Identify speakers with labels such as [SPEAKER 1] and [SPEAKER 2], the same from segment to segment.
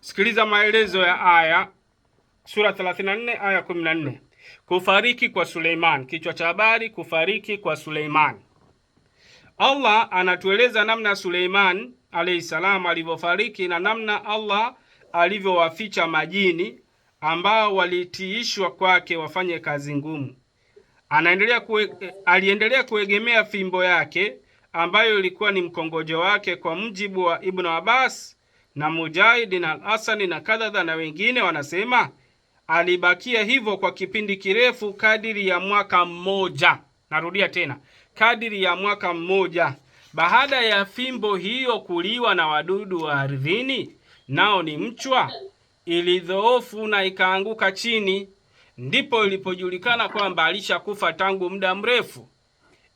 [SPEAKER 1] Sikiliza maelezo ya aya sura 34 aya 14. Kufariki kwa Suleiman. Kichwa cha habari, kufariki kwa Suleiman. Allah anatueleza namna Suleiman alayhi salam alivyofariki na namna Allah alivyowaficha majini ambao walitiishwa kwake wafanye kazi ngumu. Anaendelea kue, aliendelea kuegemea fimbo yake ambayo ilikuwa ni mkongojo wake, kwa mjibu wa Ibn Abbas na Mujahidin al-Asani na kadhadha na wengine wanasema alibakia hivyo kwa kipindi kirefu kadiri ya mwaka mmoja. Narudia tena, kadiri ya mwaka mmoja. Baada ya fimbo hiyo kuliwa na wadudu wa ardhini, nao ni mchwa, ilidhoofu na ikaanguka chini. Ndipo ilipojulikana kwamba alishakufa tangu muda mrefu,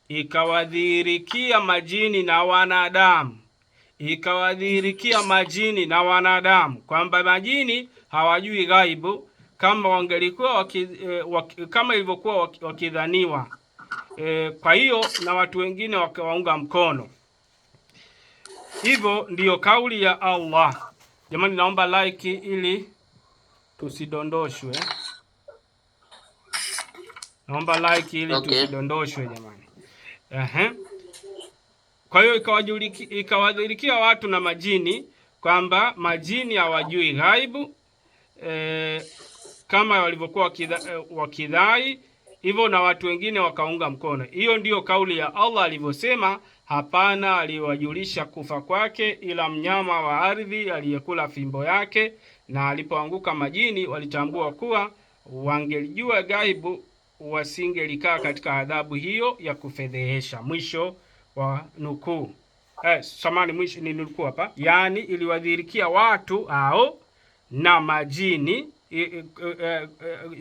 [SPEAKER 1] ikawadhihirikia majini na wanadamu ikawadhihirikia majini na wanadamu kwamba majini hawajui ghaibu kama wangelikuwa waki, e, waki, kama ilivyokuwa wakidhaniwa e, kwa hiyo na watu wengine wakawaunga mkono. Hivyo ndiyo kauli ya Allah. Jamani, naomba like ili tusidondoshwe. Naomba like ili okay, tusidondoshwe jamani. Ehe. Kwa hiyo ikawadhirikia watu na majini kwamba majini hawajui ghaibu e, kama walivyokuwa e, wakidhai hivyo, na watu wengine wakaunga mkono. Hiyo ndiyo kauli ya Allah alivyosema, hapana aliwajulisha kufa kwake ila mnyama wa ardhi aliyekula fimbo yake. Na alipoanguka majini walitambua kuwa wangelijua ghaibu wasingelikaa katika adhabu hiyo ya kufedhehesha. Mwisho wa nukuu. Eh, samani mwisho ni nukuu hapa, yaani iliwadhirikia watu au na majini I, I e,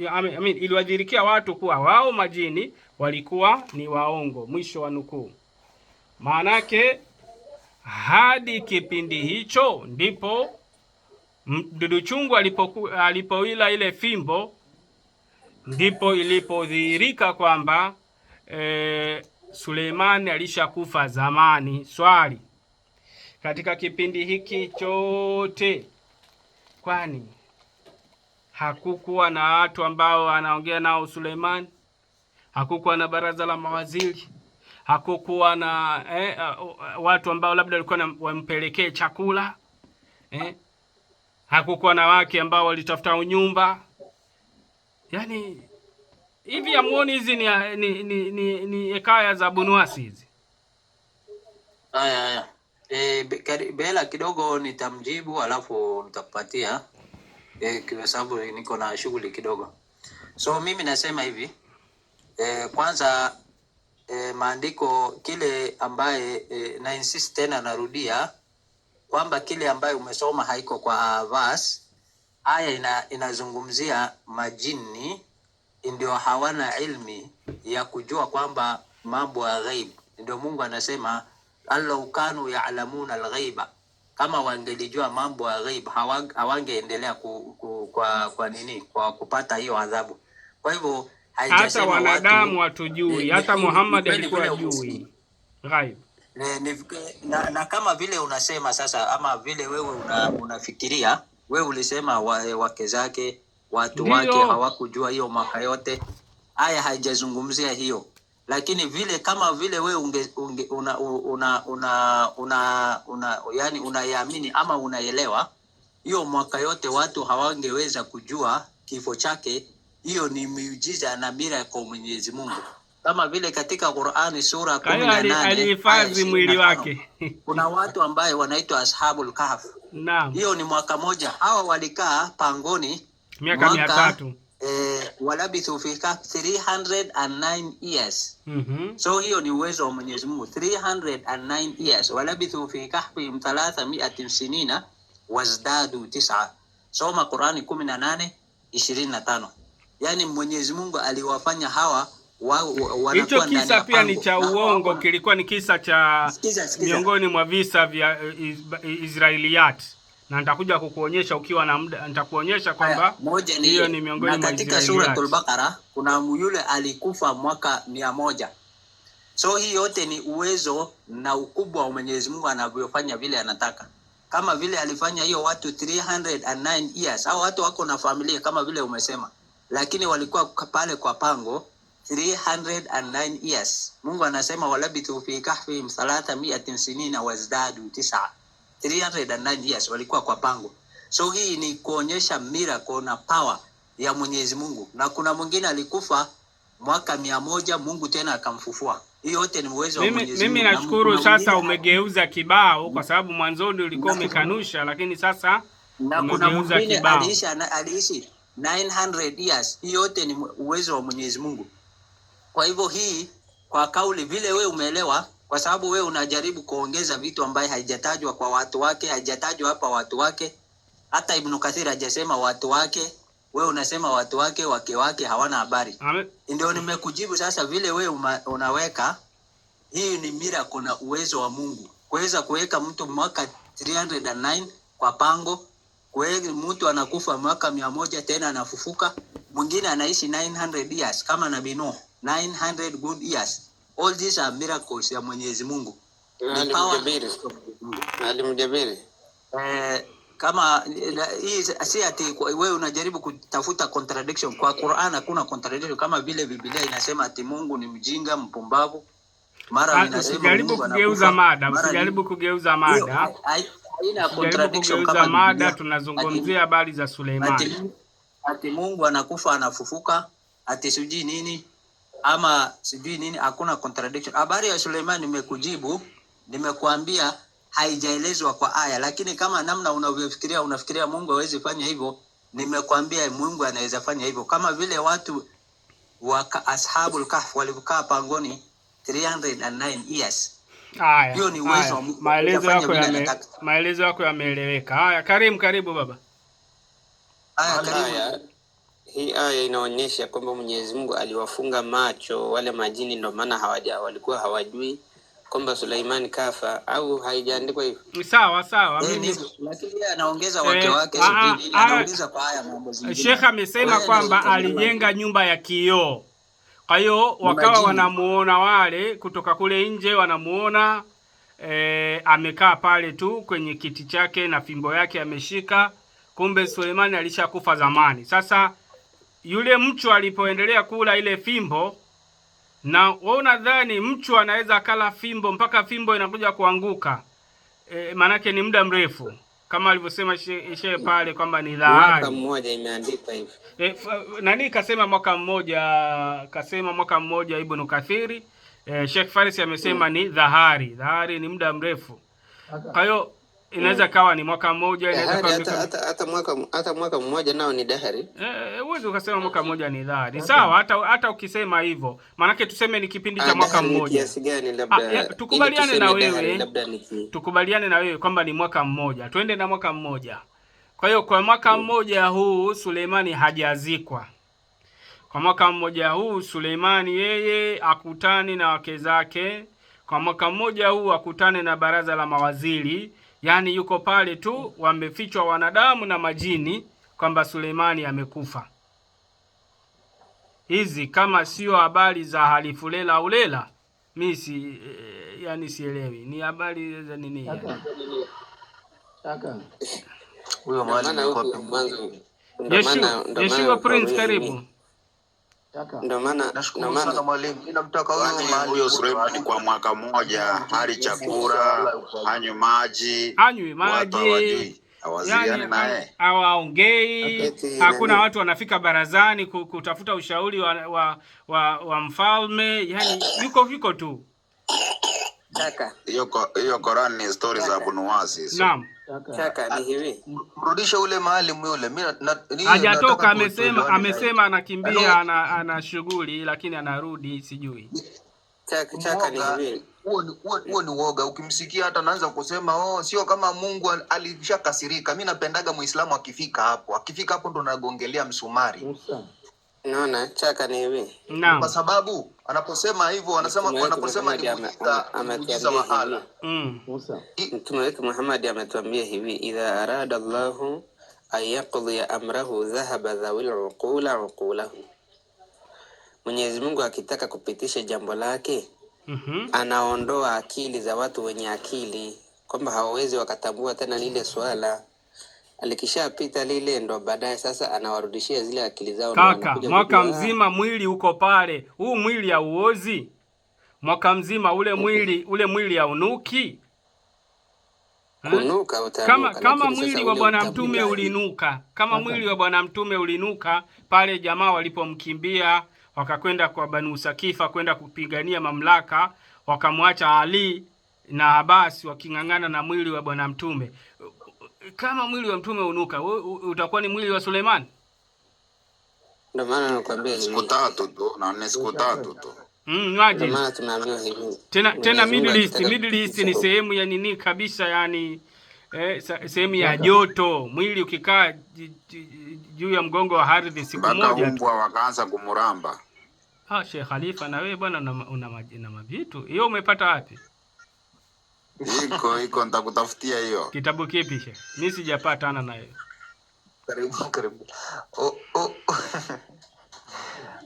[SPEAKER 1] e, mean, iliwadhirikia watu kuwa wao majini walikuwa ni waongo. Mwisho wa nukuu. Maanake hadi kipindi hicho ndipo mdudu chungu alipo alipoila ile fimbo ndipo ilipodhihirika kwamba e, Suleimani alishakufa zamani. Swali, katika kipindi hiki chote, kwani hakukuwa na watu ambao anaongea nao Suleimani? Hakukuwa na baraza la mawaziri? Hakukuwa na eh, uh, watu ambao labda walikuwa wampelekee chakula eh? Hakukuwa na wake ambao walitafuta unyumba, yani hivi amuoni hizi ni ni, ni, ni, ni, ekaya za Bunuasi hizi?
[SPEAKER 2] Haya, haya. E, Bela kidogo nitamjibu, alafu nitakupatia e, kwa sababu niko na shughuli kidogo. So mimi nasema hivi e, kwanza e, maandiko kile ambaye e, na insist tena narudia kwamba kile ambaye umesoma haiko kwa verse. Haya inazungumzia ina majini ndio hawana ilmi ya kujua kwamba mambo ya ghaib. Ndio Mungu anasema allau kanu ya'lamuna alghaiba, kama wangelijua mambo ya ghaib hawangeendelea ku, ku, kwa, kwa nini kwa kupata hiyo adhabu. Kwa hivyo
[SPEAKER 1] hata wanadamu hatujui, hata Muhammad alikuwa ajui ghaib.
[SPEAKER 2] Na, na kama vile unasema sasa, ama vile wewe unafikiria una wewe ulisema wake zake watu Ndiyo. wake hawakujua hiyo mwaka yote. Haya haijazungumzia hiyo, lakini vile kama vile we unge, unge, una, una, una, una, una, yani unaiamini ama unaelewa hiyo mwaka yote, watu hawangeweza kujua kifo chake. Hiyo ni miujiza na mira kwa Mwenyezi Mungu kama vile katika Qur'ani sura
[SPEAKER 1] kumi na alihifadhi mwili wake.
[SPEAKER 2] Kuna watu ambaye wanaitwa ashabul kahf. hiyo ni mwaka moja, hawa walikaa pangoni
[SPEAKER 1] miaka mia tatu
[SPEAKER 2] eh, walabithu fi kahfi 309 years. mm -hmm. So hiyo ni uwezo wa Mwenyezi Mungu 309 years, walabithu fi kahfihim thalatha miatin sinina wazdadu tisa. Soma Qurani kumi na nane ishirini na tano. Yani Mwenyezi Mungu aliwafanya hawa
[SPEAKER 1] hicho kisa pia ni cha uongo, kilikuwa ni kisa cha miongoni mwa visa vya eh, Israiliyati na nitakuja kukuonyesha ukiwa na muda, nitakuonyesha kwamba
[SPEAKER 2] moja ni hiyo ni miongoni mwa katika suratul Baqara kuna yule alikufa mwaka mia moja. So hii yote ni uwezo na ukubwa wa Mwenyezi Mungu anavyofanya vile anataka, kama vile alifanya hiyo watu 309 years au watu wako na familia kama vile umesema, lakini walikuwa pale kwa pango 309 years. Mungu anasema walabithu fi kahfihim thalatha miatin sinina wazdadu tisa 309 years walikuwa kwa pango. So hii ni kuonyesha miracle na power ya Mwenyezi Mungu, na kuna mwingine alikufa mwaka mia moja Mungu tena akamfufua. Hii yote ni uwezo
[SPEAKER 1] wa Mwenyezi Mungu. Mimi nashukuru sasa umegeuza kibao, kwa sababu mwanzoni ulikuwa umekanusha, lakini sasa
[SPEAKER 2] na kuna mwingine aliishi aliishi 900 years. Hiyo yote ni uwezo wa Mwenyezi Mungu. Kwa hivyo hii, kwa kauli vile we umeelewa kwa sababu wewe unajaribu kuongeza vitu ambaye haijatajwa kwa watu wake, haijatajwa hapa watu wake. Hata Ibn Kathir hajasema watu wake, we unasema watu wake, wake wake hawana habari. Ndio nimekujibu sasa, vile we uma, unaweka hii ni mira, kuna uwezo wa Mungu kuweza kuweka mtu mwaka 309 kwa pango kweli, mtu anakufa mwaka mia moja tena anafufuka, mwingine anaishi 900 years kama Nabii Nuh 900 good years. All these are miracles ya Mwenyezi Mungu. Alimjabiri eh, kama hii si ati wewe unajaribu kutafuta contradiction kwa Qur'an. Hakuna contradiction, kama vile Biblia inasema ati Mungu ni mjinga mpumbavu,
[SPEAKER 1] mara ah, inasema Mungu anageuza mada. Usijaribu kugeuza mada,
[SPEAKER 2] haina contradiction. Kama
[SPEAKER 1] mada tunazungumzia habari za Suleimani,
[SPEAKER 2] ati Mungu anakufa anafufuka, ati sijui nini ama sijui nini, hakuna contradiction. Habari ya Suleiman nimekujibu, nimekuambia haijaelezwa kwa aya, lakini kama namna unavyofikiria unafikiria Mungu hawezi fanya hivyo, nimekuambia Mungu anaweza fanya hivyo, kama vile watu wa Ashabul Kahf walikaa pangoni 309 years.
[SPEAKER 1] Haya, hiyo ni uwezo. Maelezo yako yame, maelezo yako yameeleweka. Haya, karibu karibu baba.
[SPEAKER 2] Haya, karibu. Hii aya inaonyesha kwamba Mwenyezi Mungu aliwafunga macho wale majini, ndio maana hawaja walikuwa hawajui kwamba Suleiman kafa au haijaandikwa hivyo?
[SPEAKER 1] Sawa sawa, Sheikh amesema kwamba alijenga nyumba ya kioo, kwa hiyo wakawa wanamuona wale kutoka kule nje wanamuona e, amekaa pale tu kwenye kiti chake na fimbo yake ameshika, kumbe Suleimani alishakufa zamani sasa yule mchwa alipoendelea kula ile fimbo, na wewe unadhani mchwa anaweza kala fimbo mpaka fimbo inakuja kuanguka? E, maanake ni muda mrefu kama alivyosema shehe she pale kwamba ni dhahari. mwaka
[SPEAKER 2] mmoja imeandikwa hivyo.
[SPEAKER 1] e, nani kasema mwaka mmoja kasema mwaka mmoja Ibn Kathiri. E, Sheikh Faris amesema mm, ni dhahari dhahari ni muda mrefu. Kwa hiyo inaweza mm. kawa ni mwaka mmoja,
[SPEAKER 2] inaweza hata, hata, hata mwaka hata mwaka mmoja nao ni dahari.
[SPEAKER 1] Eh, eh, huwezi e, ukasema mwaka mmoja ni dahari okay. Sawa, hata hata ukisema hivyo maanake tuseme ni kipindi cha ah, mwaka mmoja kiasi
[SPEAKER 2] gani, labda ah,
[SPEAKER 1] tukubaliane na wewe tukubaliane na wewe kwamba ni mwaka mmoja, twende na mwaka mmoja. Kwa hiyo kwa mwaka mm. mmoja huu Suleimani hajazikwa kwa mwaka mmoja huu Suleimani yeye akutane na wake zake. Kwa mwaka mmoja huu akutane na baraza la mawaziri yaani yuko pale tu, wamefichwa wanadamu na majini kwamba Suleimani amekufa. Hizi kama sio habari za halifu lela ulela, mi si eh, yani sielewi ni habari za nini. Yeshua Prince, karibu
[SPEAKER 2] huyo Suleiman kwa mwaka mmoja, hali chakula, anywe maji,
[SPEAKER 1] anywe maji Yani, hawaongei hakuna watu wanafika barazani kutafuta ushauri wa, wa, wa, wa mfalme yani, yuko viko tu.
[SPEAKER 2] Hiyo Korani ni stori za Abunuwasi. Naam. Ah,
[SPEAKER 1] mrudishe ule maalim yule. hajatoka amesema amesema anakimbia ana, ana shughuli lakini anarudi sijui.
[SPEAKER 2] Chaka chaka ni hivi. Huo ni uoga. Ukimsikia hata anaanza kusema oh, sio kama Mungu alishakasirika. Mimi napendaga Muislamu akifika hapo. Akifika hapo ndo nagongelea msumari. Unaona, chaka ni hivi. Kwa sababu anaposema hivyo wanasema wanaposema ni muujiza Mtume wetu Muhammad ametuambia hivi, idha arada Allahu an yaqdiya amrahu dhahaba dhawil uqula uqulahu Mwenyezi Mungu akitaka kupitisha jambo lake mm -hmm. anaondoa akili za watu wenye akili, kwamba hawawezi wakatambua tena lile swala likishapita lile ndo baadaye sasa anawarudishia zile akili zao.
[SPEAKER 1] Kaka mwaka mzima mwili uko pale, huu mwili hauozi mwaka mzima, ule mwili ule mwili haunuki kunuka, eh? utanuka, kama, kama mwili wa Bwana Mtume ulinuka kama okay. mwili wa Bwana Mtume ulinuka pale jamaa walipomkimbia wakakwenda kwa Banu Sakifa kwenda kupigania mamlaka, wakamwacha Ali na Abasi waking'ang'ana na mwili wa Bwana Mtume kama mwili wa mtume unuka, utakuwa ni mwili wa Sulemani?
[SPEAKER 2] Ndio maana nakwambia siku tatu tu na ni siku tatu tu.
[SPEAKER 1] Mm, tena tena, Middle East, Middle East ni sehemu ya nini kabisa, yani eh, sehemu ya joto. Mwili ukikaa juu ya mgongo wa ardhi
[SPEAKER 2] siku moja tu wakaanza kumuramba.
[SPEAKER 1] Ah, Sheikh Khalifa, na wewe bwana una mavitu hiyo, umepata wapi?
[SPEAKER 2] Iko iko, nitakutafutia hiyo.
[SPEAKER 1] Kitabu kipi she? Mimi sijapatana naye.
[SPEAKER 2] Karibu karibu. Oh oh.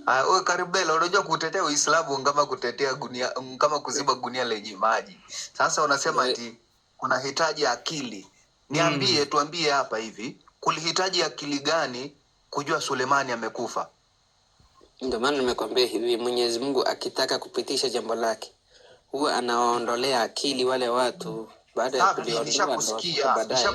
[SPEAKER 2] Ah, wewe Karibela, unajua kutetea Uislamu kama kutetea gunia kama kuziba gunia lenye maji. Sasa unasema eh. ati unahitaji akili. Niambie, hmm, tuambie hapa hivi, kulihitaji akili gani kujua Sulemani amekufa? Ndio maana nimekwambia hivi, Mwenyezi Mungu akitaka kupitisha jambo lake huwa anawaondolea akili wale watu baada ya kuliondolea baadaye